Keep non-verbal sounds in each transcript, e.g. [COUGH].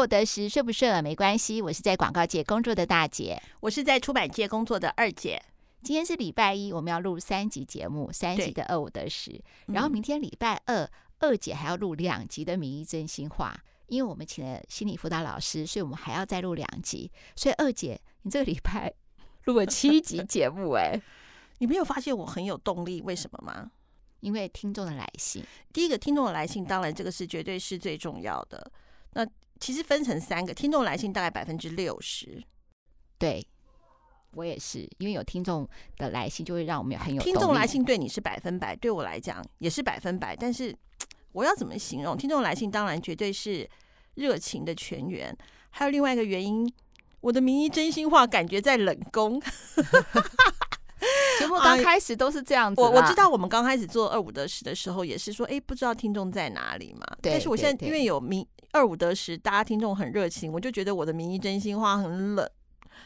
獲得時睡不睡沒關係，我是在廣告界工作的大姐，我是在出版界工作的二姐。今天是禮拜一，我們要錄三集節目，三集的二《二五得十》。然後明天禮拜二、嗯，二姐還要錄兩集的《名醫真心話》，因為我們請了心理輔導老師，所以我們還要再錄兩集。所以二姐，你這個禮拜錄了七集節目、欸，哎， [LAUGHS] 你沒有發現我很有動力？為什麼嗎？因為聽眾的來信。第一個聽眾的來信，當然這個是絕對是最重要的。其實分成三個，聽眾來信大概百分之六十。對，我也是，因為有聽眾的來信就會讓我們很有、啊、聽眾來信對你是百分百，對我來講也是百分百。但是我要怎麼形容？聽眾來信當然絕對是熱情的泉源。還有另外一個原因，我的名醫真心話感覺在冷宮。 [LAUGHS] [LAUGHS] 節目剛開始都是這樣子、哎，我我知道我們剛開始做二五得十的時候也是說，哎，不知道聽眾在哪裡嘛。但是我現在因為有名二五得十，大家聽眾很熱情，我就覺得我的名醫真心話很冷。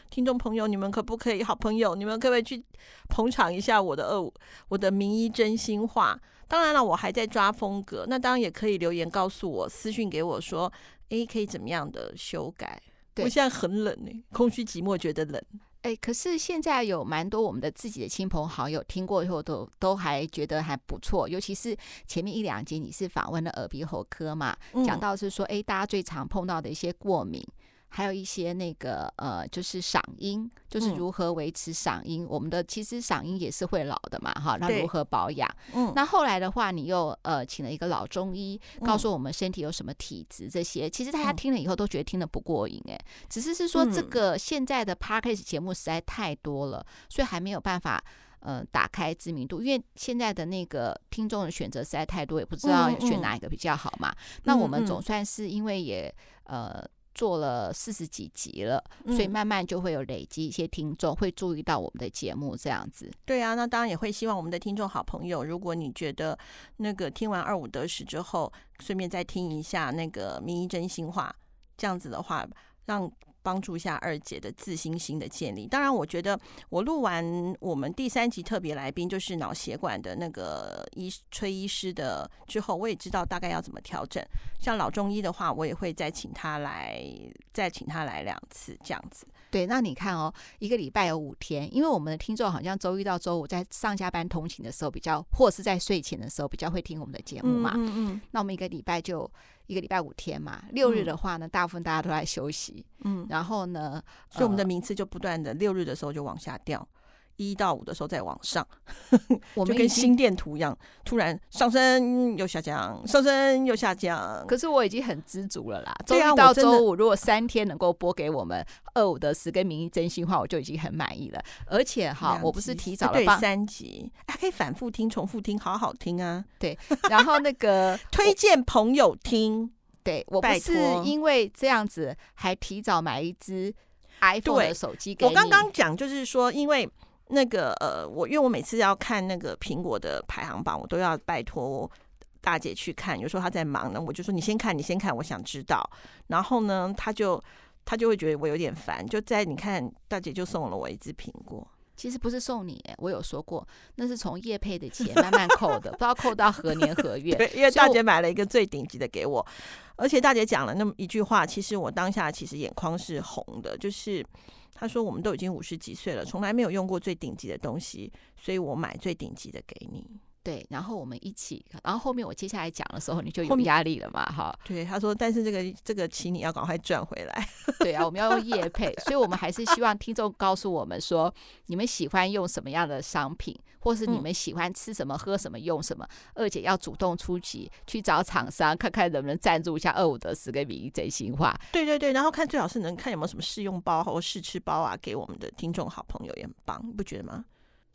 聽眾朋友，你們可不可以，好朋友，你們可不可以去捧場一下我的二五，我的名醫真心話？當然了，我還在抓風格，那當然也可以留言告訴我，私訊給我說，哎，可以怎麼樣的修改？我現在很冷呢、欸，空虛寂寞，覺得冷。誒、欸，可是現在有蠻多我們的自己的親朋好友聽過以後都，都都還覺得還不錯。尤其是前面一兩集，你是訪問了耳鼻喉科嘛，講、嗯、到是說，誒、欸、大家最常碰到的一些過敏。還有一些那個呃，就是嗓音，就是如何維持嗓音、嗯。我們的其實嗓音也是會老的嘛，哈。那如何保養？嗯，那後來的話，你又呃，請了一個老中醫、嗯，告訴我們身體有什麼體質這些。其實大家聽了以後都覺得聽得不過癮、欸，誒、嗯，只是是說這個現在的 podcast 節目實在太多了，嗯、所以還沒有辦法呃打開知名度。因為現在的那個聽眾的選擇實在太多，也不知道選哪一個比較好嘛。嗯嗯、那我們總算是因為也呃。做了四十幾集了，所以慢慢就會有累積一些聽眾、嗯，會注意到我們的節目這樣子。對啊，那當然也會希望我們的聽眾好朋友，如果你覺得那個聽完《二五得十》之後，順便再聽一下那個《名醫真心話》，這樣子的話，讓。幫助一下二姐的自信心的建立。當然，我覺得我錄完我們第三集特別來賓就是腦血管的那個醫崔醫師的之後，我也知道大概要怎麼調整。像老中醫的話，我也會再請他來，再請他來兩次這樣子。對，那你看哦，一個禮拜有五天，因為我們的聽眾好像週一到週五在上下班通勤的時候比較，或者是在睡前的時候比較會聽我們的節目嘛。嗯嗯，嗯。那我們一個禮拜就。一個禮拜五天嘛，六日的話呢，嗯，大部分大家都在休息。嗯，然後呢，所以我們的名次就不斷的，呃，六日的時候就往下掉。一到五的時候再往上， [LAUGHS] 我們跟心電圖一樣，突然上升又下降，上升又下降。可是我已經很知足了啦。週、啊、一到週五，如果三天能夠播給我們二五的十個名醫真心話，我就已經很滿意了。而且哈，我不是提早了播，啊、三集，還可以反覆聽、重複聽，好好聽啊。對。然後那個 [LAUGHS] 推薦朋友聽，對，我不是因為這樣子，還提早買一支 iPhone 的手機。我剛剛講就是說，因為。那個呃，我因為我每次要看那個蘋果的排行榜，我都要拜托大姐去看。有時候她在忙呢，我就說你先看，你先看，我想知道。然後呢，她就她就會覺得我有點煩。就在你看，大姐就送了我一只蘋果。其實不是送你欸，我有說過，那是從業配的錢慢慢扣的， [LAUGHS] 不知道扣到何年何月。 [LAUGHS] 對，因為大姐買了一個最頂級的給我，而且大姐講了那麼一句話，其實我當下其實眼眶是紅的，就是。他說：“我們都已經五十幾歲了，從來沒有用過最頂級的東西，所以我買最頂級的給你。”對，然後我們一起，然後後面我接下來講的時候，你就有壓力了嘛，哈。對，他說，但是這個這個錢你要趕快賺回來。對啊，我們要用業配， [LAUGHS] 所以我們還是希望聽眾告訴我們說， [LAUGHS] 你們喜歡用什麼樣的商品，或是你們喜歡吃什麼、嗯、喝什麼、用什麼，二姐要主動出擊去找廠商，看看能不能贊助一下二五得十給名醫真心話。對對對，然後看最好是能看有沒有什麼試用包或試吃包啊，給我們的聽眾好朋友也很棒，不覺得嗎？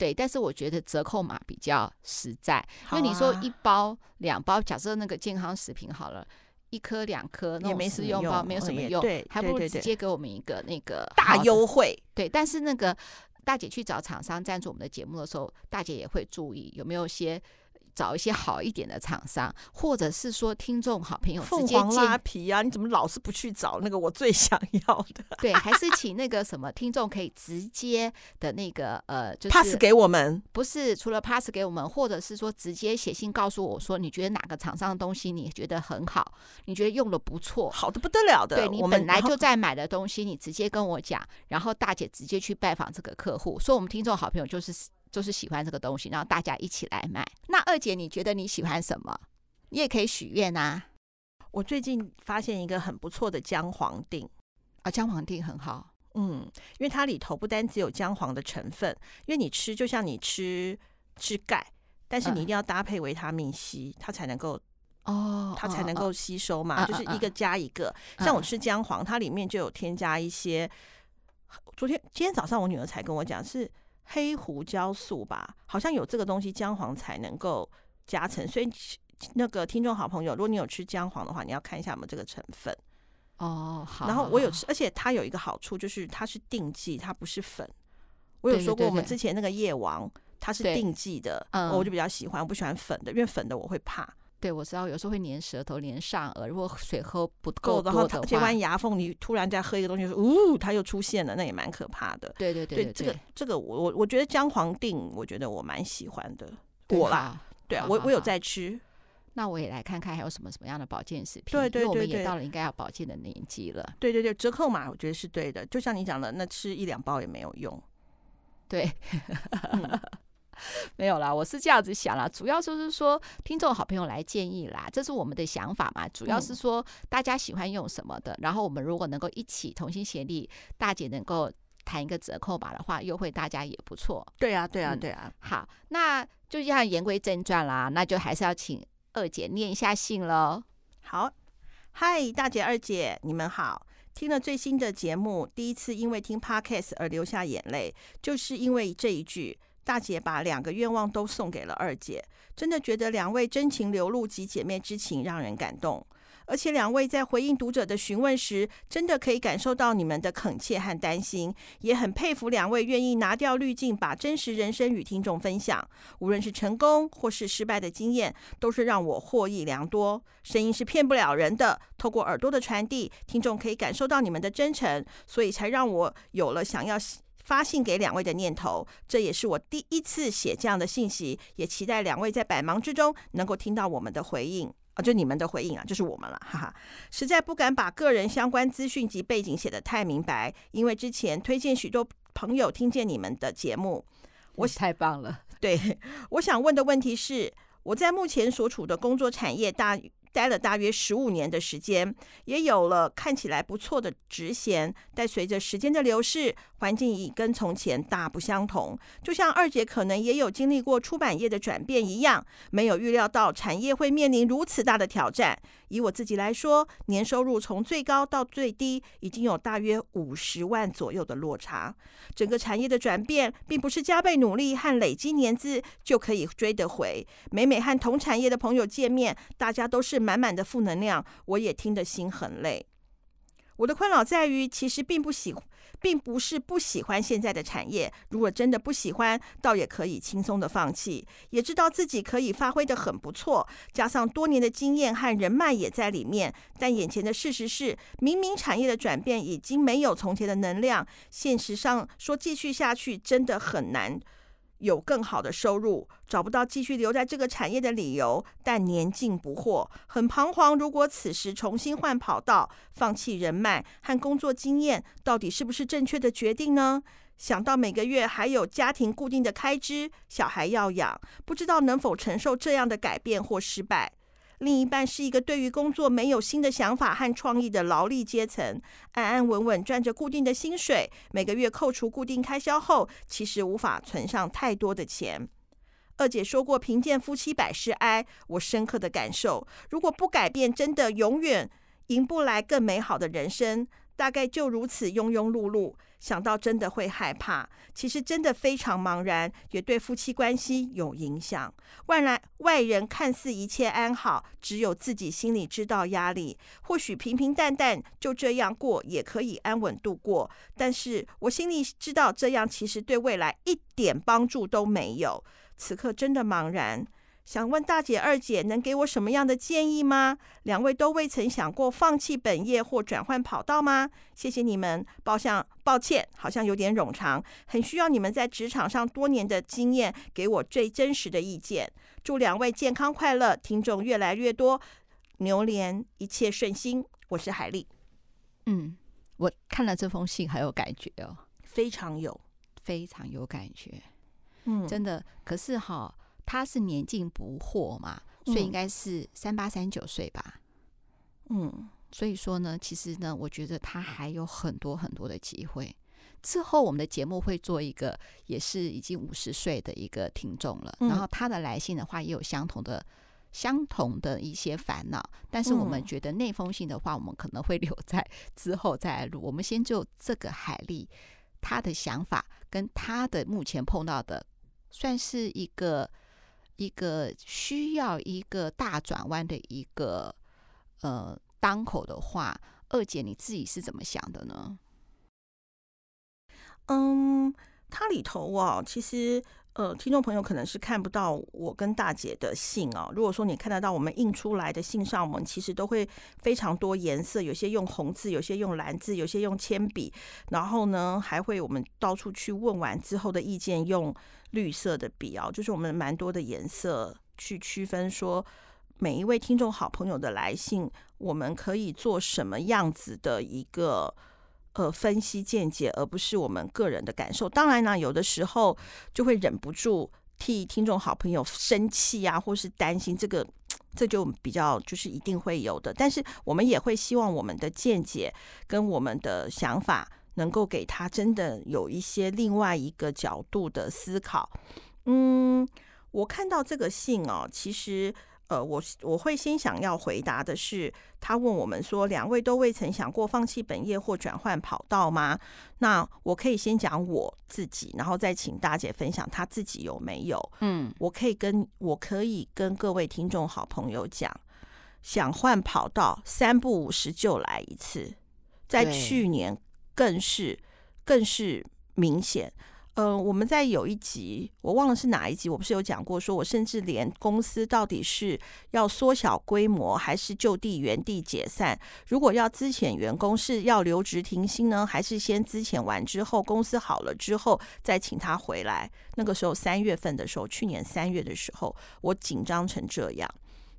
對，但是我覺得折扣碼比較實在，因為你說一包、啊、兩包，假設那個健康食品好了，一顆、兩顆，那試用包也沒什麼用，沒有什麼用、嗯，還不如直接給我們一個那個大優惠。對，但是那個大姐去找廠商贊助我們的節目的時候，大姐也會注意有沒有些。找一些好一點的廠商，或者是說聽眾好朋友直接接，鳳凰拉皮呀、啊，你怎麼老是不去找那個我最想要的？對，還是請那個什麼聽眾可以直接的那個 [LAUGHS] 呃、就是、，pass 給我們？不是，除了 pass 給我們，或者是說直接寫信告訴我說，你覺得哪個廠商的東西你覺得很好，你覺得用得不錯，好的不得了的，對你本來就在買的東西，你直接跟我講，然後大姐直接去拜訪這個客戶。所以，我們聽眾好朋友就是。就是喜歡這個東西，然後大家一起來買。那二姐，你覺得你喜歡什麼？你也可以許願啊。我最近發現一個很不錯的薑黃錠啊，薑黃錠很好。嗯，因為它裡頭不單只有薑黃的成分，因為你吃就像你吃吃鈣，但是你一定要搭配維他命 C，、嗯、它才能夠哦，它才能夠吸收嘛、哦，就是一個加一個。嗯嗯、像我吃薑黃，它裡面就有添加一些。嗯、昨天今天早上我女兒才跟我講是。黑胡椒素吧，好像有這個東西，薑黃才能夠加成。所以那個聽眾好朋友，如果你有吃薑黃的話，你要看一下我們這個成分哦。好，然後我有吃，而且它有一個好處就是它是錠劑，它不是粉。我有說過，我們之前那個葉王它是錠劑的，對對對。哦，我就比較喜歡，我不喜歡粉的，因為粉的我會怕。對，我知道我有時候會粘舌頭、粘上顎。如果水喝不夠的話、哦，然後它貼完牙縫，你突然再喝一個東西，說“嗚”，它又出現了，那也蠻可怕的。對對對對,對，這個這個，我我我覺得薑黃錠，我覺得我蠻喜歡的，對我啦，對啊，我好好好我有在吃。那我也來看看還有什麼什麼樣的保健食品。對對對,對,對，我們也到了應該要保健的年紀了。對,對對對，折扣嘛，我覺得是對的。就像你講的，那吃一兩包也沒有用。對。 [LAUGHS] 嗯 [LAUGHS] 沒有啦，我是這樣子想啦。主要就是說聽眾好朋友來建議啦，這是我們的想法嘛。主要是說大家喜歡用什麼的，嗯、然後我們如果能夠一起同心協力，大姐能夠談一個折扣吧的話，優惠大家也不錯。對啊，對啊，對啊、嗯。好，那就這樣言歸正傳啦，那就還是要請二姐念一下信嘍。好，嗨，大姐二姐，你們好，聽了最新的節目，第一次因為聽 Podcast 而流下眼淚，就是因為這一句。嗯大姐把兩個願望都送給了二姐，真的覺得兩位真情流露及姐妹之情讓人感動。而且兩位在回應讀者的詢問時，真的可以感受到你們的懇切和擔心，也很佩服兩位願意拿掉濾鏡，把真實人生與聽眾分享。無論是成功或是失敗的經驗，都是讓我獲益良多。聲音是騙不了人的，透過耳朵的傳遞，聽眾可以感受到你們的真誠，所以才讓我有了想要。發信給兩位的念頭，這也是我第一次寫這樣的信息，也期待兩位在百忙之中能夠聽到我們的回應啊、哦，就你們的回應啊，就是我們了，哈哈。實在不敢把個人相關資訊及背景寫得太明白，因為之前推薦許多朋友聽見你們的節目，我太棒了。對，我想問的問題是，我在目前所處的工作產業大。待了大約十五年的時間，也有了看起來不錯的職銜。但隨着時間的流逝，環境已跟從前大不相同。就像二姐可能也有經歷過出版業的轉變一樣，沒有預料到產業會面臨如此大的挑戰。以我自己來說，年收入從最高到最低已經有大約五十萬左右的落差。整個產業的轉變，並不是加倍努力和累積年資就可以追得回。每每和同產業的朋友見面，大家都是。滿滿的負能量，我也聽得心很累。我的困擾在於，其實並不喜，並不是不喜歡現在的產業。如果真的不喜歡，倒也可以輕鬆的放棄。也知道自己可以發揮得很不錯，加上多年的經驗和人脈也在裡面。但眼前的事實是，明明產業的轉變已經沒有從前的能量，現實上說繼續下去真的很難。有更好的收入，找不到繼續留在這個產業的理由，但年近不惑，很彷徨。如果此時重新換跑道，放棄人脈和工作經驗，到底是不是正確的決定呢？想到每個月還有家庭固定的開支，小孩要養，不知道能否承受這樣的改變或失敗。另一半是一個對於工作沒有新的想法和創意的勞力階層，安安穩穩賺着固定的薪水，每個月扣除固定開銷後，其實無法存上太多的錢。二姐說過“貧賤夫妻百事哀”，我深刻的感受，如果不改變，真的永遠迎不來更美好的人生。大概就如此庸庸碌碌，想到真的會害怕，其實真的非常茫然，也對夫妻關係有影響。外來，外人看似一切安好，只有自己心裡知道壓力。或許平平淡淡就這樣過，也可以安穩度過，但是我心裡知道這樣其實對未來一點幫助都沒有。此刻真的茫然。想問大姐、二姐，能給我什麼樣的建議嗎？兩位都未曾想過放棄本業或轉換跑道嗎？謝謝你們。抱歉，抱歉，好像有點冗長。很需要你們在職場上多年的經驗，給我最真實的意見。祝兩位健康快樂，聽眾越來越多，牛年一切順心。我是海麗。嗯，我看了這封信，很有感覺哦，非常有，非常有感覺。嗯，真的。可是哈。他是年近不惑嘛，嗯、所以應該是三八三九歲吧。嗯，所以說呢，其實呢，我覺得他還有很多很多的機會。之後我們的節目會做一個，也是已經五十歲的一個聽眾了。然後他的來信的話，也有相同的、相同的一些煩惱。但是我們覺得那封信的話，我們可能會留在之後再來錄、嗯。我們先就這個海麗，他的想法跟他的目前碰到的，算是一個。一個需要一個大轉彎的一個呃當口的話，二姐你自己是怎麼想的呢？嗯，它裡頭啊，其實呃，聽眾朋友可能是看不到我跟大姐的信啊。如果說你看得到我們印出來的信上，我們其實都會非常多顏色，有些用紅字，有些用藍字，有些用鉛筆，然後呢，還會我們到處去問完之後的意見用綠色的筆哦，就是我們蠻多的顏色去區分，說每一位聽眾好朋友的來信，我們可以做什麼樣子的一個呃分析見解，而不是我們個人的感受。當然呢，有的時候就會忍不住替聽眾好朋友生氣啊，或是擔心這個，這就比較就是一定會有的。但是我們也會希望我們的見解跟我們的想法，能夠給他真的有一些另外一個角度的思考。嗯，我看到這個信哦，其實呃，我我會先想要回答的是，他問我們說，兩位都未曾想過放棄本業或轉換跑道嗎？那我可以先講我自己，然後再請大姐分享他自己有沒有。嗯，我可以跟我可以跟各位聽眾好朋友講，想換跑道，三不五時就來一次，在去年。更是更是明顯，嗯、呃，我們在有一集，我忘了是哪一集，我不是有講過，說我甚至連公司到底是要縮小規模，還是就地原地解散，如果要資遣員工，是要留職停薪呢，還是先資遣完之後，公司好了之後再請他回來。那個時候三月份的時候，去年三月的時候，我緊張成這樣。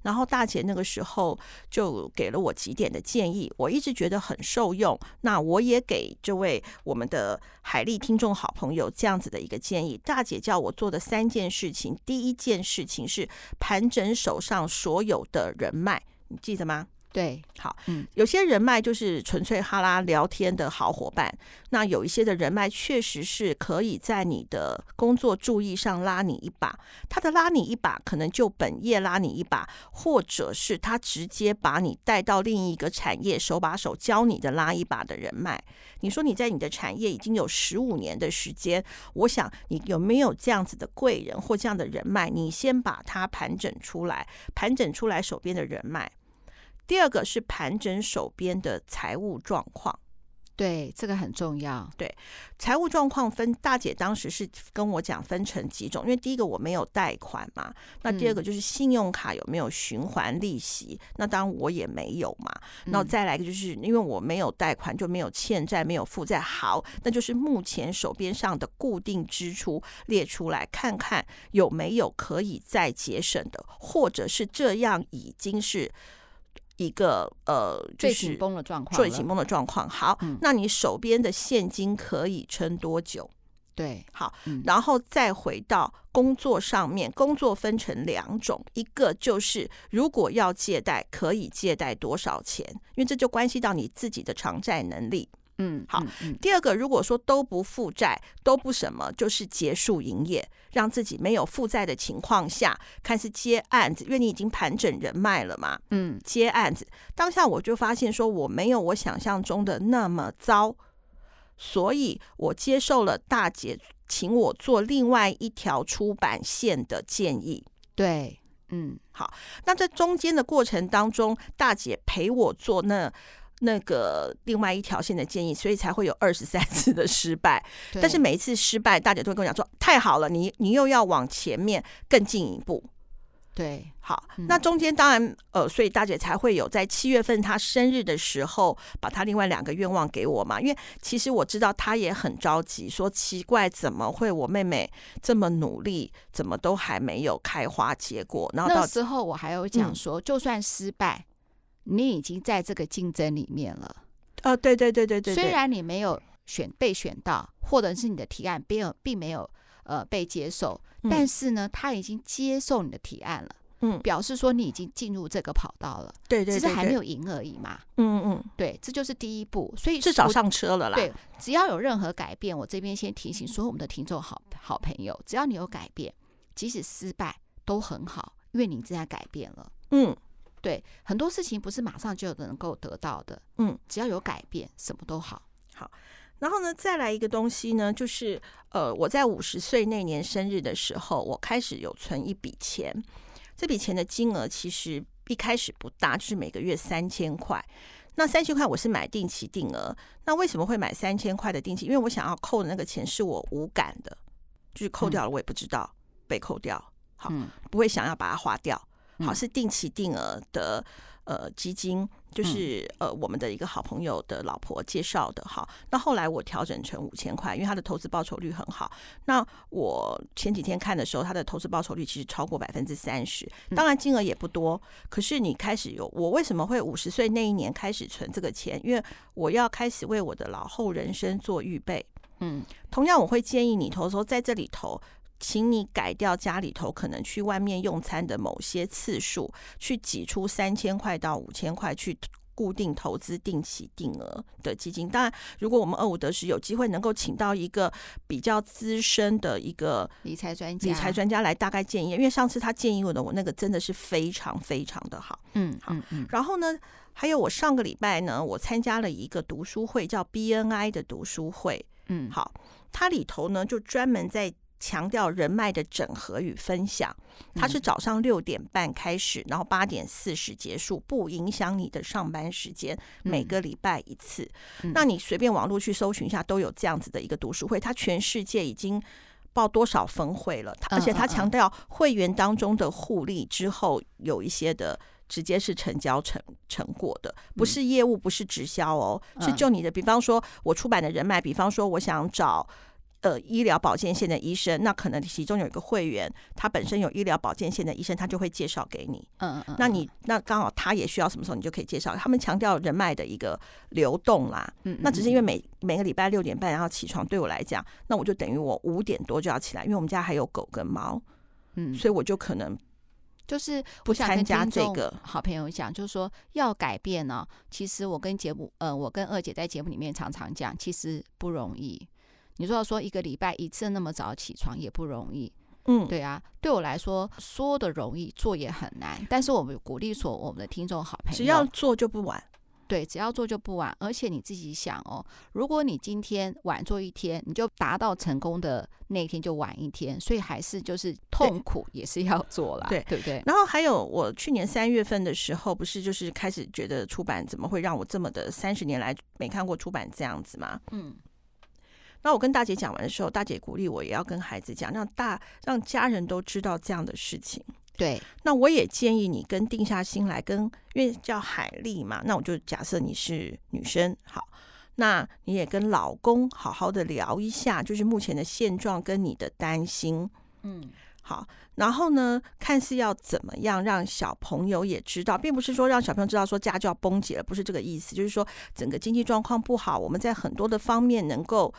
然後大姐那個時候就給了我幾點的建議，我一直覺得很受用。那我也給這位我們的海麗聽眾好朋友這樣子的一個建議：大姐叫我做的三件事情，第一件事情是盤整手上所有的人脈，你記得嗎？對，好，嗯，有些人脈就是純粹哈拉聊天的好夥伴，那有一些的人脈確實是可以在你的工作注意上拉你一把，他的拉你一把可能就本業拉你一把，或者是他直接把你帶到另一個產業，手把手教你的拉一把的人脈。你說你在你的產業已經有十五年的時間，我想你有沒有這樣子的貴人或這樣的人脈？你先把它盤整出來，盤整出來手邊的人脈。第二個是盤整手邊的財務狀況，對，這個很重要。對，財務狀況分大姐當時是跟我講分成幾種，因為第一個我沒有貸款嘛，那第二個就是信用卡有沒有循環利息，嗯，那當然我也沒有嘛。那再來一個就是因為我沒有貸款就沒有欠債，沒有負債，好，那就是目前手邊上的固定支出列出來，看看有沒有可以再節省的，或者是這樣已經是。一個呃最緊繃的狀況，最緊繃的狀況。好、嗯，那你手邊的現金可以撐多久？對，好、嗯，然後再回到工作上面。工作分成兩種，一個就是如果要借貸，可以借貸多少錢？因為這就關係到你自己的償債能力。嗯，好。第二個，如果說都不負債，都不什麼，就是結束營業，讓自己沒有負債的情況下，看是接案子，因為你已經盤整人脈了嘛。嗯，接案子，當下我就發現說我沒有我想象中的那麼糟，所以我接受了大姐請我做另外一條出版線的建議。對，嗯，好。那在中間的過程當中，大姐陪我做那。那個另外一條線的建議，所以才會有二十三次的失敗，嗯。但是每一次失敗，大姐都會跟我講說：“太好了，你你又要往前面更進一步。”對，好。嗯，那中間當然，呃，所以大姐才會有在七月份她生日的時候，把她另外兩個願望給我嘛。因為其實我知道她也很着急，說奇怪怎麼會我妹妹這麼努力，怎麼都還沒有開花結果。然後到之後我還有講說，嗯，就算失敗。你已經在這個競爭裡面了，哦、啊，對對對對對，對。雖然你沒有選被選到，或者是你的提案並有並沒有呃被接受，但是呢，嗯、他已經接受你的提案了，嗯，表示說你已經進入這個跑道了，對對，只是還沒有贏而已嘛，對對對對嗯嗯，對，這就是第一步，所以至少上車了啦。對，只要有任何改變，我這邊先提醒說，我們的聽眾好好朋友，只要你有改變，即使失敗都很好，因為你正在改變了，嗯。對，很多事情不是馬上就能夠得到的，嗯，只要有改變，什麼都好。好，然後呢，再來一個東西呢，就是呃，我在五十歲那年生日的時候，我開始有存一筆錢，這筆錢的金額其實一開始不大，就是每個月三千塊。那三千塊我是買定期定額，那為什麼會買三千塊的定期？因為我想要扣的那個錢是我無感的，就是扣掉了我也不知道、嗯、被扣掉，好、嗯，不會想要把它花掉。好，是定期定額的，呃，基金就是呃，我們的一個好朋友的老婆介紹的。好，那後來我調整成五千塊，因為他的投資報酬率很好。那我前幾天看的時候，他的投資報酬率其實超過百分之三十，當然金額也不多。可是你開始有，我為什麼會五十歲那一年開始存這個錢？因為我要開始為我的老後人生做預備。嗯，同樣我會建議你投的時候在這裡投。請你改掉家裡頭可能去外面用餐的某些次數，去擠出三千塊到五千塊去固定投資定期定額的基金。當然，如果我們二五得十，有機會能夠請到一個比較資深的一個理財專家、理財專家來大概建議，因為上次他建議我的我那個真的是非常非常的好。嗯，好。然後呢，還有我上個禮拜呢，我參加了一個讀書會，叫 BNI 的讀書會。嗯，好，它裡頭呢就專門在。強調人脈的整合與分享，他是早上六點半開始，然後八點四十結束，不影響你的上班時間。每個禮拜一次，嗯，那你隨便網絡去搜尋一下，都有這樣子的一個讀書會。他全世界已經報多少分會了。而且他強調會員當中的互利之後，有一些的直接是成交成成果的，不是業務，不是直銷哦，是就你的。比方說，我出版的人脈，比方說，我想找。呃，醫療保健線的醫生，那可能其中有一個會員，他本身有醫療保健線的醫生，他就會介紹給你。嗯嗯嗯。那你那剛好他也需要什麼時候，你就可以介紹。他們強調人脈的一個流動啦。嗯，那只是因為每每個禮拜六點半要起床，對我來講，那我就等於我五點多就要起來，因為我們家還有狗跟貓。嗯。所以我就可能就是不參加這個。就是我想跟聽眾好朋友講，就是說要改變呢、喔，其實我跟節目，呃，我跟二姐在節目裡面常常講，其實不容易。你說要說一個禮拜一次那麼早起床也不容易，嗯，對啊，對我來說說的容易做也很難，但是我們鼓勵說我們的聽眾好朋友只要做就不晚，對，只要做就不晚，而且你自己想哦，如果你今天晚做一天，你就達到成功的那一天就晚一天，所以還是就是痛苦也是要做啦，對，對， [LAUGHS] 對不對？然後還有我去年三月份的時候，不是就是開始覺得出版怎麼會讓我這麼的三十年來沒看過出版這樣子嗎？嗯。那我跟大姐講完的時候，大姐鼓勵我也要跟孩子講，讓大讓家人都知道這樣的事情。對，那我也建議你跟定下心來跟，因為叫海麗嘛，那我就假設你是女生，好，那你也跟老公好好的聊一下，就是目前的現狀跟你的擔心，嗯，好，然後呢，看是要怎麼樣讓小朋友也知道，並不是說讓小朋友知道說家就要崩解了，不是這個意思，就是說整個經濟狀況不好，我們在很多的方面能夠。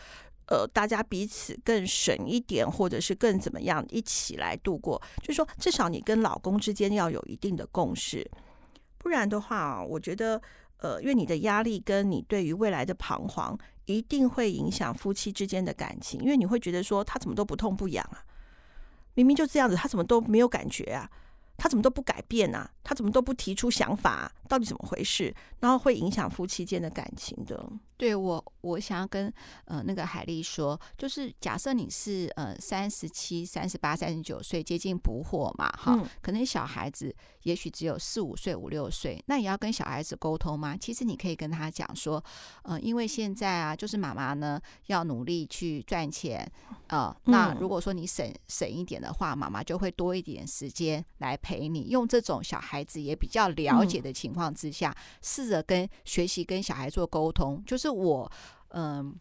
呃，大家彼此更省一點，或者是更怎麼樣，一起來度過。就是說，至少你跟老公之間要有一定的共識，不然的話，我覺得，呃，因為你的壓力跟你對於未來的彷徨，一定會影響夫妻之間的感情。因為你會覺得說，他怎麼都不痛不癢啊，明明就這樣子，他怎麼都沒有感覺啊。他怎麼都不改變呢、啊？他怎麼都不提出想法、啊？到底怎麼回事？然後會影響夫妻間的感情的對。對我，我想要跟呃那個海麗說，就是假設你是呃三十七、三十八、三十九歲，接近不惑嘛，哈、哦嗯，可能小孩子也許只有四五歲、五六歲，那你要跟小孩子溝通嗎？其實你可以跟他講說，呃，因為現在啊，就是媽媽呢要努力去賺錢，呃，那如果說你省省一點的話，媽媽就會多一點時間來。陪你，用這種小孩子也比較了解的情況之下，嗯，試着跟學習跟小孩做溝通，就是我嗯，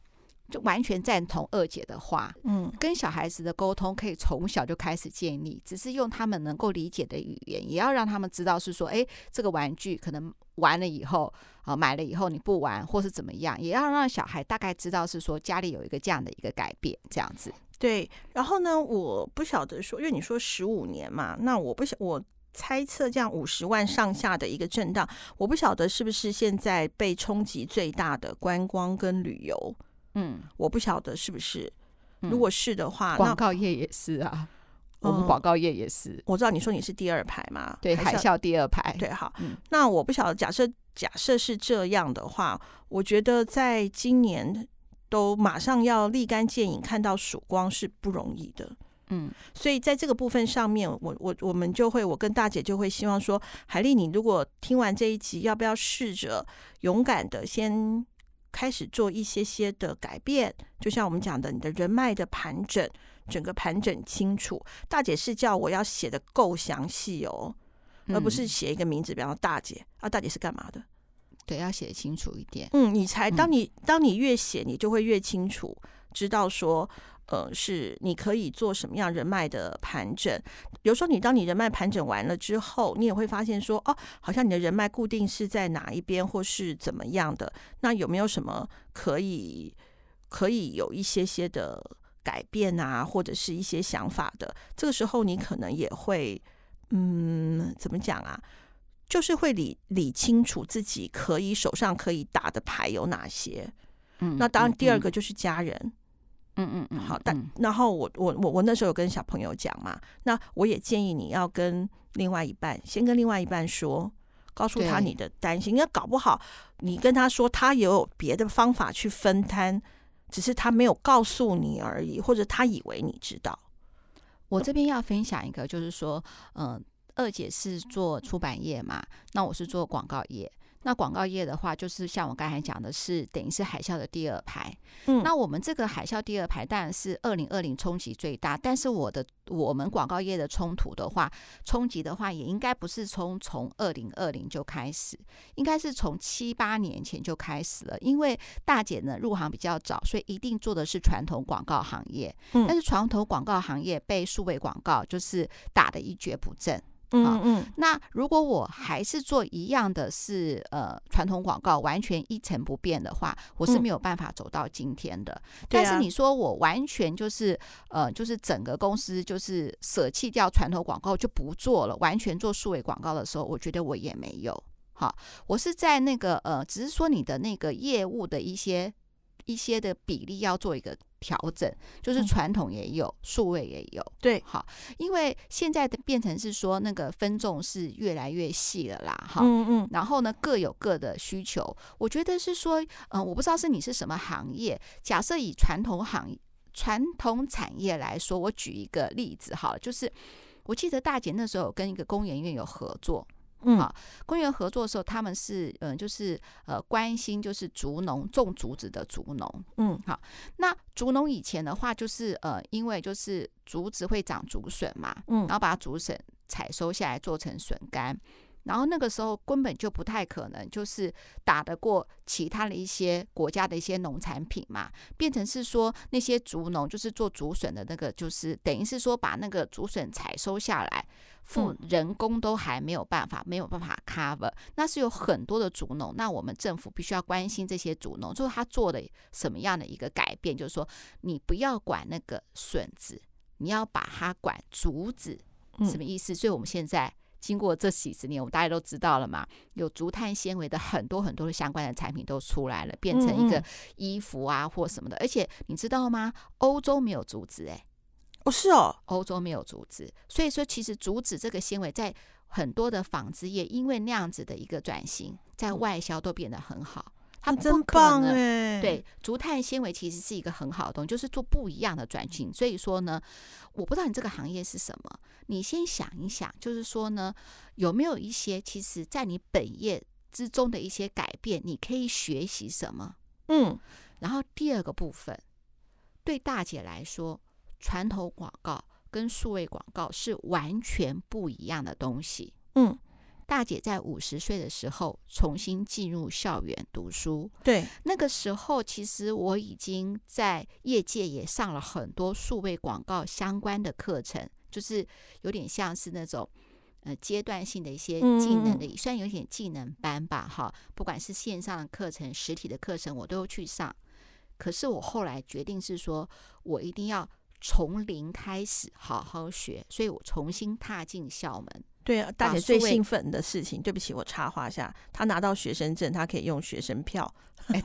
就完全贊同二姐的話，嗯，跟小孩子的溝通可以從小就開始建立，只是用他們能夠理解的語言，也要讓他們知道是說，誒、欸，這個玩具可能玩了以後，啊、呃，買了以後你不玩，或是怎麼樣，也要讓小孩大概知道是說家裡有一個這樣的一個改變，這樣子。對，然後呢，我不曉得說，因為你說十五年嘛，那我不曉，我猜測這樣五十萬上下的一個震盪，我不曉得是不是現在被衝擊最大的觀光跟旅遊。嗯，我不曉得是不是，如果是的話，嗯、那廣告業也是啊，嗯、我們廣告業也是。我知道你說你是第二排嘛，對，海嘯第二排。對，好，嗯、那我不曉得，假設假設是這樣的話，我覺得在今年。都馬上要立竿見影，看到曙光是不容易的，嗯，所以在這個部分上面，我我我們就會，我跟大姐就會希望說，海麗，你如果聽完這一集，要不要試着勇敢的先開始做一些些的改變？就像我們講的，你的人脈的盤整，整個盤整清楚。大姐是叫我要寫得夠詳細哦，而不是寫一個名字，嗯、比方說大姐啊，大姐是幹嘛的？對，要寫清楚一點。嗯，你才，當你當你越寫，你就會越清楚，知道說，嗯，呃，是你可以做什麼樣人脈的盤整。比如說，你當你人脈盤整完了之後，你也會發現說，哦，好像你的人脈固定是在哪一邊，或是怎麼樣的。那有沒有什麼可以可以有一些些的改變啊，或者是一些想法的？這個時候，你可能也會，嗯，怎麼講啊？就是會理理清楚自己可以手上可以打的牌有哪些，嗯，那當然第二個就是家人，嗯嗯嗯，好，嗯、但、嗯、然後我我我我那時候有跟小朋友講嘛，那我也建議你要跟另外一半，先跟另外一半說，告訴他你的擔心，因為搞不好你跟他說，他也有別的方法去分攤，只是他沒有告訴你而已，或者他以為你知道。我這邊要分享一個，就是說，嗯、呃。二姐是做出版業嘛？那我是做廣告業。那廣告業的話，就是像我剛才講的是，是等於是海嘯的第二排，嗯。那我們這個海嘯第二排當然是二零二零衝擊最大。但是我的我們廣告業的衝突的話，衝擊的話也應該不是從從二零二零就開始，應該是從七八年前就開始了。因為大姐呢入行比較早，所以一定做的是傳統廣告行業。嗯，但是傳統廣告行業被數位廣告就是打得一蹶不振。嗯嗯，那如果我還是做一樣的是呃傳統廣告，完全一成不變的話，我是沒有辦法走到今天的。嗯，但是你說我完全就是呃，就是整個公司就是捨棄掉傳統廣告就不做了，完全做數位廣告的時候，我覺得我也沒有。好，我是在那個呃，只是說你的那個業務的一些一些的比例要做一個調整就是傳統也有，嗯、數位也有，對，好，因為現在的變成是說那個分眾是越來越細了啦，哈，嗯嗯，然後呢，各有各的需求，我覺得是說，嗯，我不知道是你是什麼行業，假設以傳統行業、傳統產業來說，我舉一個例子好了，就是我記得大姐那時候有跟一個工研院有合作。嗯，好，公園合作的時候，他們是嗯，就是呃關心就是竹農種竹子的竹農，嗯，好，那竹農以前的話就是呃，因為就是竹子會長竹筍嘛，嗯，然後把竹筍採收下來做成筍乾。然後那個時候根本就不太可能，就是打得過其他的一些國家的一些農產品嘛，變成是說那些竹農就是做竹筍的那個，就是等於是說把那個竹筍採收下來，付人工都還沒有辦法、嗯，沒有辦法 cover，那是有很多的竹農，那我們政府必須要關心這些竹農，就是他做的什麼樣的一個改變，就是說你不要管那個筍子，你要把它管竹子，什麼意思？嗯、所以我們現在。經過這幾十年，我們大家都知道了嘛，有竹炭纖維的很多很多的相關的產品都出來了，變成一個衣服啊嗯嗯或什麼的。而且你知道嗎？歐洲沒有竹子誒、欸。哦，是哦，歐洲沒有竹子，所以說其實竹子這個纖維在很多的紡織業，因為那樣子的一個轉型，在外銷都變得很好。嗯嗯他們真棒耶！對，竹炭纖維其實是一個很好的東西，就是做不一樣的轉型。所以說呢，我不知道你這個行業是什麼，你先想一想，就是說呢，有沒有一些其實在你本業之中的一些改變，你可以學習什麼？嗯。然後第二個部分，對大姐來說，傳統廣告跟數位廣告是完全不一樣的東西。嗯。大姐在五十歲的時候重新進入校園讀書。對，那個時候其實我已經在業界也上了很多數位廣告相關的課程，就是有點像是那種呃階段性的一些技能的，嗯、雖然有點技能班吧，哈，不管是線上的課程、實體的課程，我都去上。可是我後來決定是說，我一定要從零開始好好學，所以我重新踏進校門。對啊，大姐最興奮的事情。啊對，不啊、對不起，我插話下，他拿到學生證，他可以用學生票。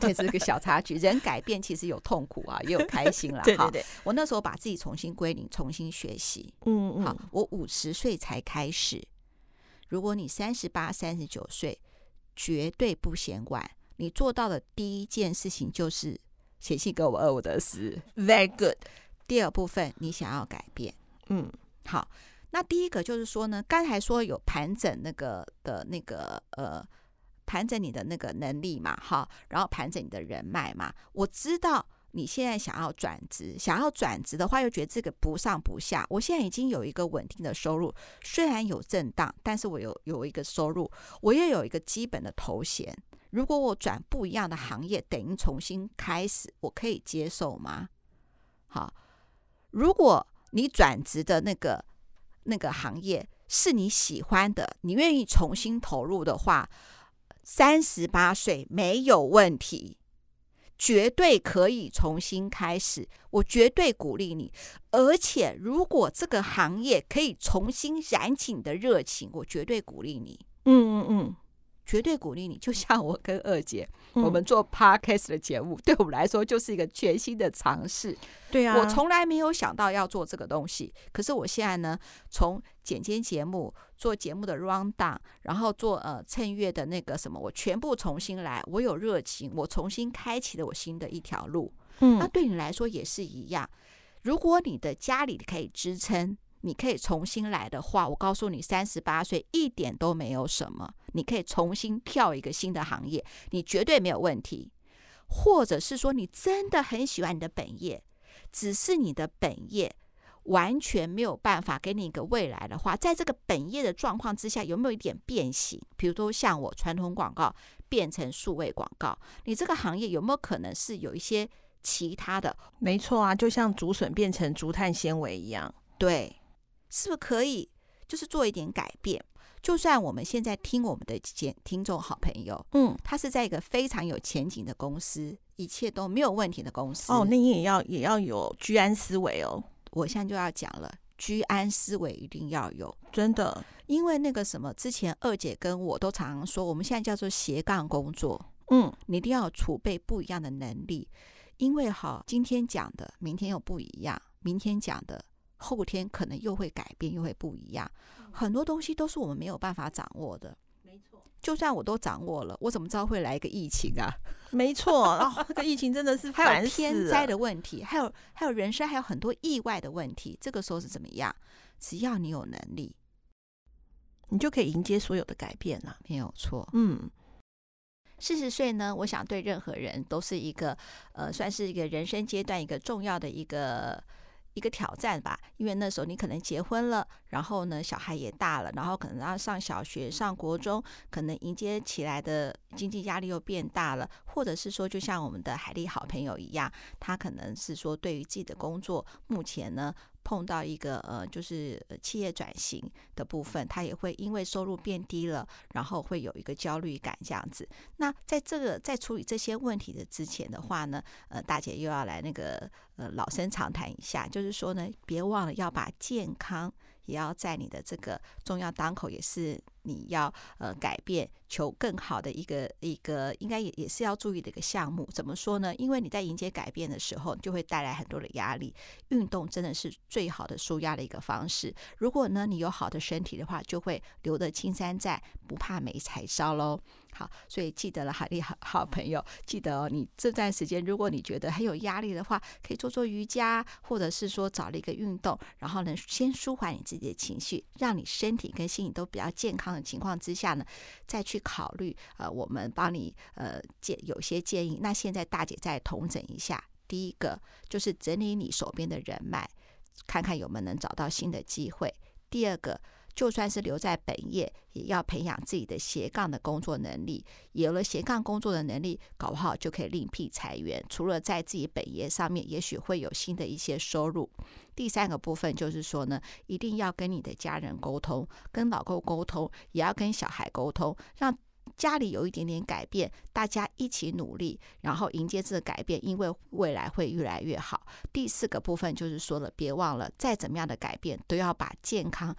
這、哎、 [LAUGHS] 是個小插曲，人改變其實有痛苦啊，也有開心啦。哈， [LAUGHS] 我那時候把自己重新歸零，重新學習。嗯嗯，好，我五十歲才開始。如果你三十八、三十九歲，絕對不嫌晚。你做到的第一件事情就是寫信給我二五得四。Very good。第二部分，你想要改變。嗯，好。那第一個就是說呢，剛才說有盤整那個的，那個呃，盤整你的那個能力嘛，哈，然後盤整你的人脈嘛。我知道你現在想要轉職，想要轉職的話，又覺得這個不上不下。我現在已經有一個穩定的收入，雖然有震盪，但是我有有一個收入，我也有一個基本的頭銜。如果我轉不一樣的行業，等於重新開始，我可以接受嗎？好，如果你轉職的那個。那個行業是你喜歡的，你願意重新投入的話，三十八歲沒有問題，絕對可以重新開始。我絕對鼓勵你，而且如果這個行業可以重新燃起你的熱情，我絕對鼓勵你。嗯嗯嗯。絕對鼓勵你，就像我跟二姐，我們做 podcast 的節目，對我們來說就是一個全新的嘗試。對啊，我從來沒有想到要做這個東西，可是我現在呢，從剪接節目做節目的 rundown，然後做呃趁月的那個什麼，我全部重新來，我有熱情，我重新開啟了我新的一條路。嗯，那對你來說也是一樣，如果你的家裡可以支撐。你可以重新來的話，我告訴你，三十八歲一點都沒有什麼。你可以重新跳一個新的行業，你絕對沒有問題。或者是說，你真的很喜歡你的本業，只是你的本業完全沒有辦法給你一個未來的話，在這個本業的狀況之下，有沒有一點變形？比如說，像我傳統廣告變成數位廣告，你這個行業有沒有可能是有一些其他的？沒錯啊，就像竹筍變成竹炭纖維一樣，對。是不是可以就是做一點改變？就算我們現在聽我們的前聽眾好朋友，嗯，他是在一個非常有前景的公司，一切都沒有問題的公司。哦，那你也要也要有居安思危哦。我現在就要講了，居安思危一定要有，真的，因為那個什麼，之前二姐跟我都常常說，我們現在叫做斜槓工作。嗯，你一定要儲備不一樣的能力，因為好，今天講的，明天又不一樣，明天講的。後天可能又會改變，又會不一樣，很多東西都是我們沒有辦法掌握的。沒錯，就算我都掌握了，我怎麼知道會來一個疫情啊？沒錯，啊，這個疫情真的是煩死。還有天災的問題，還有還有人生，還有很多意外的問題。這個時候是怎麼樣？只要你有能力，你就可以迎接所有的改變了，沒有錯。嗯，四十歲呢，我想對任何人都是一個，呃，算是一個人生階段一個重要的一個。一個挑戰吧，因為那時候你可能結婚了，然後呢，小孩也大了，然後可能要上小學、上國中，可能迎接起來的經濟壓力又變大了，或者是說，就像我們的海麗好朋友一樣，他可能是說對於自己的工作，目前呢。碰到一個呃，就是呃企業轉型的部分，他也會因為收入變低了，然後會有一個焦慮感這樣子。那在這個在處理這些問題的之前的話呢，呃，大姐又要來那個呃老生常談一下，就是說呢，別忘了要把健康，也要在你的這個重要當口，也是你要呃改變、求更好的一個一個，應該也也是要注意的一個項目。怎麼說呢？因為你在迎接改變的時候，就會帶來很多的壓力。運動真的是最好的紓壓的一個方式。如果呢，你有好的身體的話，就會留得青山在，不怕沒柴燒嘍。好，所以記得了，哈利好好，好朋友，記得哦。你這段時間，如果你覺得很有壓力的話，可以做做瑜伽，或者是說找了一個運動，然後呢先舒緩你自己的情緒，讓你身體跟心理都比較健康的情況之下呢，再去考慮。呃，我們幫你呃建有些建議。那現在大姐再統整一下，第一個就是整理你手邊的人脈，看看有沒有能找到新的機會。第二個。就算是留在本業，也要培養自己的斜槓的工作能力。有了斜槓工作的能力，搞不好就可以另闢財源。除了在自己本業上面，也許會有新的一些收入。第三個部分就是說呢，一定要跟你的家人溝通，跟老公溝通，也要跟小孩溝通，讓家裡有一點點改變，大家一起努力，然後迎接這個改變，因為未來會越來越好。第四個部分就是說了，別忘了，再怎麼樣的改變，都要把健康。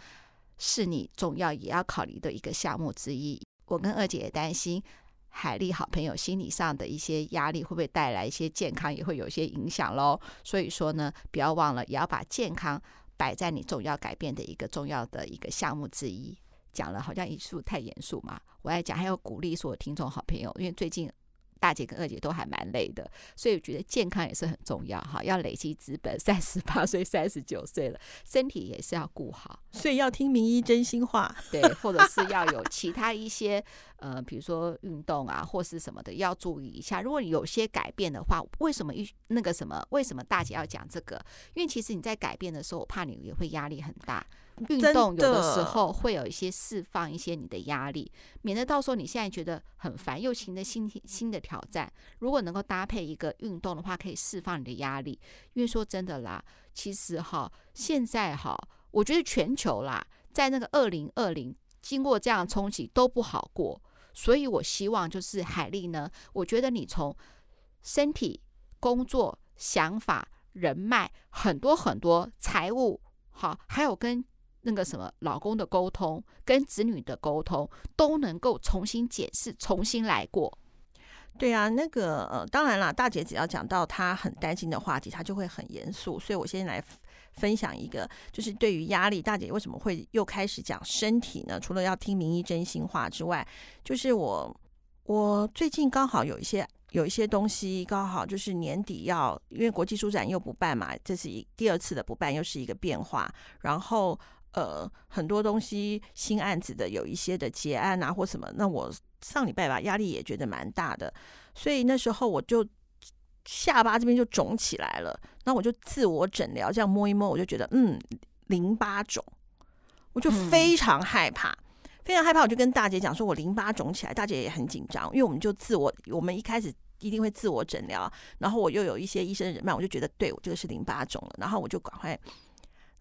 是你重要也要考慮的一個項目之一。我跟二姐也擔心海麗好朋友心理上的一些壓力，會不會帶來一些健康，也會有一些影響嘍。所以說呢，不要忘了，也要把健康擺在你重要改變的一個重要的一個項目之一。講了好像語速太嚴肅嘛，我還講還要鼓勵所有聽眾好朋友，因為最近。大姐跟二姐都還蠻累的，所以我覺得健康也是很重要哈。要累積資本，三十八歲、三十九歲了，身體也是要顧好。所以要聽名醫真心話， [LAUGHS] 對，或者是要有其他一些呃，比如說運動啊，或是什麼的，要注意一下。如果你有些改變的話，為什麼？一那個什麼？為什麼大姐要講這個？因為其實你在改變的時候，我怕你也會壓力很大。運動有的時候會有一些釋放一些你的壓力，免得到時候你現在覺得很煩，又新的新新的挑戰。如果能夠搭配一個運動的話，可以釋放你的壓力。因為說真的啦，其實哈，現在哈，我覺得全球啦，在那個二零二零，經過這樣衝擊都不好過。所以我希望就是海麗呢，我覺得你從身體、工作、想法、人脈，很多很多財務，好，還有跟。那個什麼，老公的溝通跟子女的溝通都能夠重新解釋、重新來過。對啊，那個呃，當然啦，大姐只要講到她很擔心的話題，她就會很嚴肅。所以我先來分享一個，就是對於壓力，大姐為什麼會又開始講身體呢？除了要聽名醫真心話之外，就是我我最近剛好有一些有一些東西，剛好就是年底要，因為國際書展又不辦嘛，這是一第二次的不辦，又是一個變化，然後。呃，很多東西新案子的有一些的結案啊，或什麼，那我上禮拜吧，壓力也覺得蠻大的，所以那時候我就下巴這邊就腫起來了，那我就自我診療，這樣摸一摸，我就覺得嗯，淋巴腫，我就非常害怕，嗯、非常害怕，我就跟大姐講說，我淋巴腫起來，大姐也很緊張，因為我們就自我，我們一開始一定會自我診療，然後我又有一些醫生人脈，我就覺得對，我這個是淋巴腫了，然後我就趕快。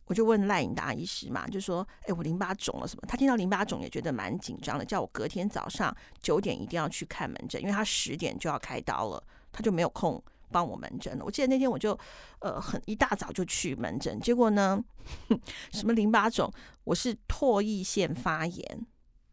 我就問賴穎達醫師嘛，就說：“哎、欸，我淋巴腫了什麼？”他聽到淋巴腫也覺得蠻緊張的，叫我隔天早上九點一定要去看門診，因為他十點就要開刀了，他就沒有空幫我門診了。我記得那天我就呃很一大早就去門診，結果呢， [LAUGHS] 什麼淋巴腫，我是唾液腺發炎，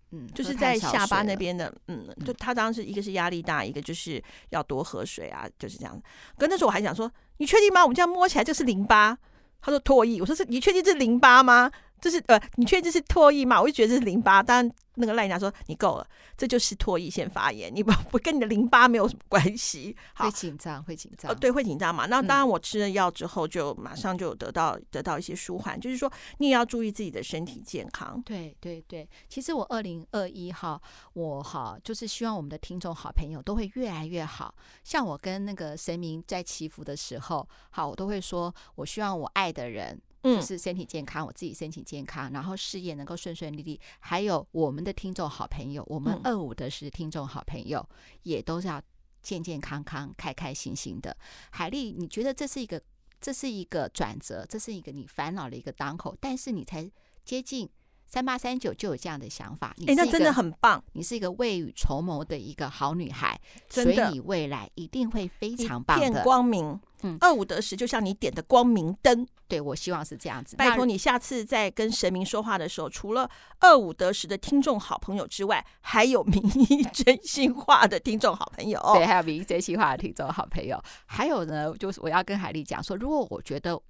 嗯，就是在下巴那邊的，嗯，就他當時一個是壓力大，一個就是要多喝水啊，就是這樣。跟那時候我還想說，你確定嗎？我們這樣摸起來就是淋巴。他說脫衣，我說是，你確定是淋巴嗎？就是呃，你確定這是唾液嗎？我就覺得這是淋巴。當然那個賴拿說你夠了，這就是唾液腺發炎，你不，不跟你的淋巴沒有什麼關係。好會緊張，會緊張、呃，對，會緊張嘛。那當然，我吃了藥之後，就馬上就得到、嗯、得到一些舒緩。就是說，你也要注意自己的身體健康。對對對，其實我二零二一哈，我哈就是希望我們的聽眾好朋友都會越來越好。像我跟那個神明在祈福的時候，好，我都會說我希望我愛的人。嗯、就，是身體健康，我自己身體健康，然後事業能夠順順利利，還有我們的聽眾好朋友，我們二五的是聽眾好朋友，也都是要健健康康、開開心心的。海麗，你覺得這是一個，這是一個轉折，這是一個你煩惱的一個當口，但是你才接近，三八三九就有這樣的想法，哎、欸，那真的很棒。你是一個未雨綢繆的一個好女孩，真，所以你未來一定會非常棒的。光明，嗯，二五得十，就像你點的光明燈。對，我希望是這樣子。拜託你下次再跟神明說話的時候，除了二五得十的聽眾好朋友之外，還有名醫真心話的聽眾好朋友。對，還有名醫真心話的聽眾好朋友。 [LAUGHS] 還有呢，就是我要跟海麗講說，如果我覺得。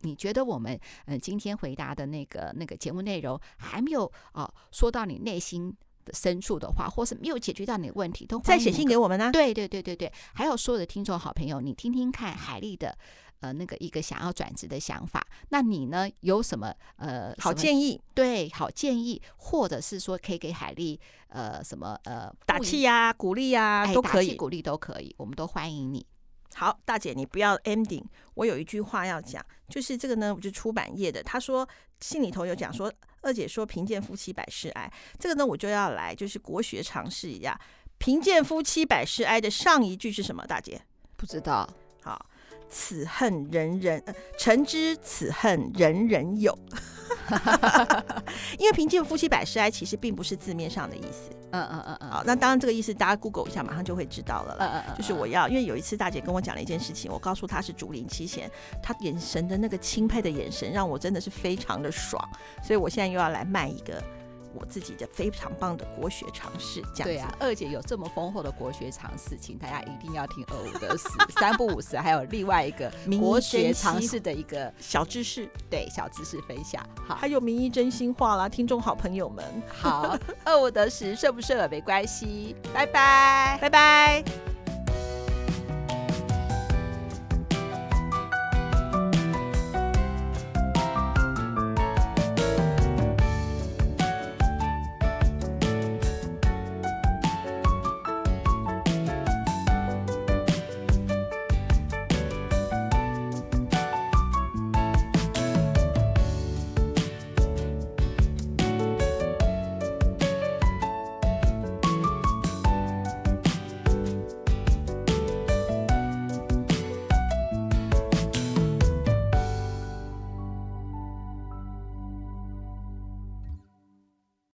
你覺得我們嗯今天回答的那個那個節目內容還沒有哦、呃，說到你內心的深處的話，或是沒有解決到你的問題，都、那個，再寫信給我們呢、啊，對對對對對，還有所有的聽眾好朋友，你聽聽看海麗的呃那個一個想要轉職的想法，那你呢，有什麼呃什麼好建議？對，好建議，或者是說可以給海麗呃什麼呃打氣呀，啊、鼓勵呀、啊，都可以，鼓勵都可以，我們都歡迎你。好，大姐你不要 ending，我有一句話要講，就是這個呢，我就出版業的，他說信裡頭有講說，二姐說貧賤夫妻百事哀，這個呢我就要來就是國學嘗試一下，貧賤夫妻百事哀的上一句是什麼？大姐？不知道。好。此恨人人，呃、誠知此恨人人有。 [LAUGHS] 因為“貧賤夫妻百事哀”其實並不是字面上的意思。嗯嗯嗯嗯。好，那當然這個意思大家 Google 一下，馬上就會知道了啦。嗯嗯嗯。就是我要，因為有一次大姐跟我講了一件事情，我告訴她是《竹林七賢》，她眼神的那個欽佩的眼神，讓我真的是非常的爽。所以我現在又要來賣一個。我自己的非常棒的國學常識，講對啊，二姐有這麼豐厚的國學常識，請大家一定要聽二五得時 [LAUGHS] 三不五時還有另外一個國學常識的一個小知識，對小知識分享。好，還有名醫真心話啦，嗯、聽眾好朋友們，好 [LAUGHS] 二五得時順不順耳沒關係，拜拜拜拜。Bye bye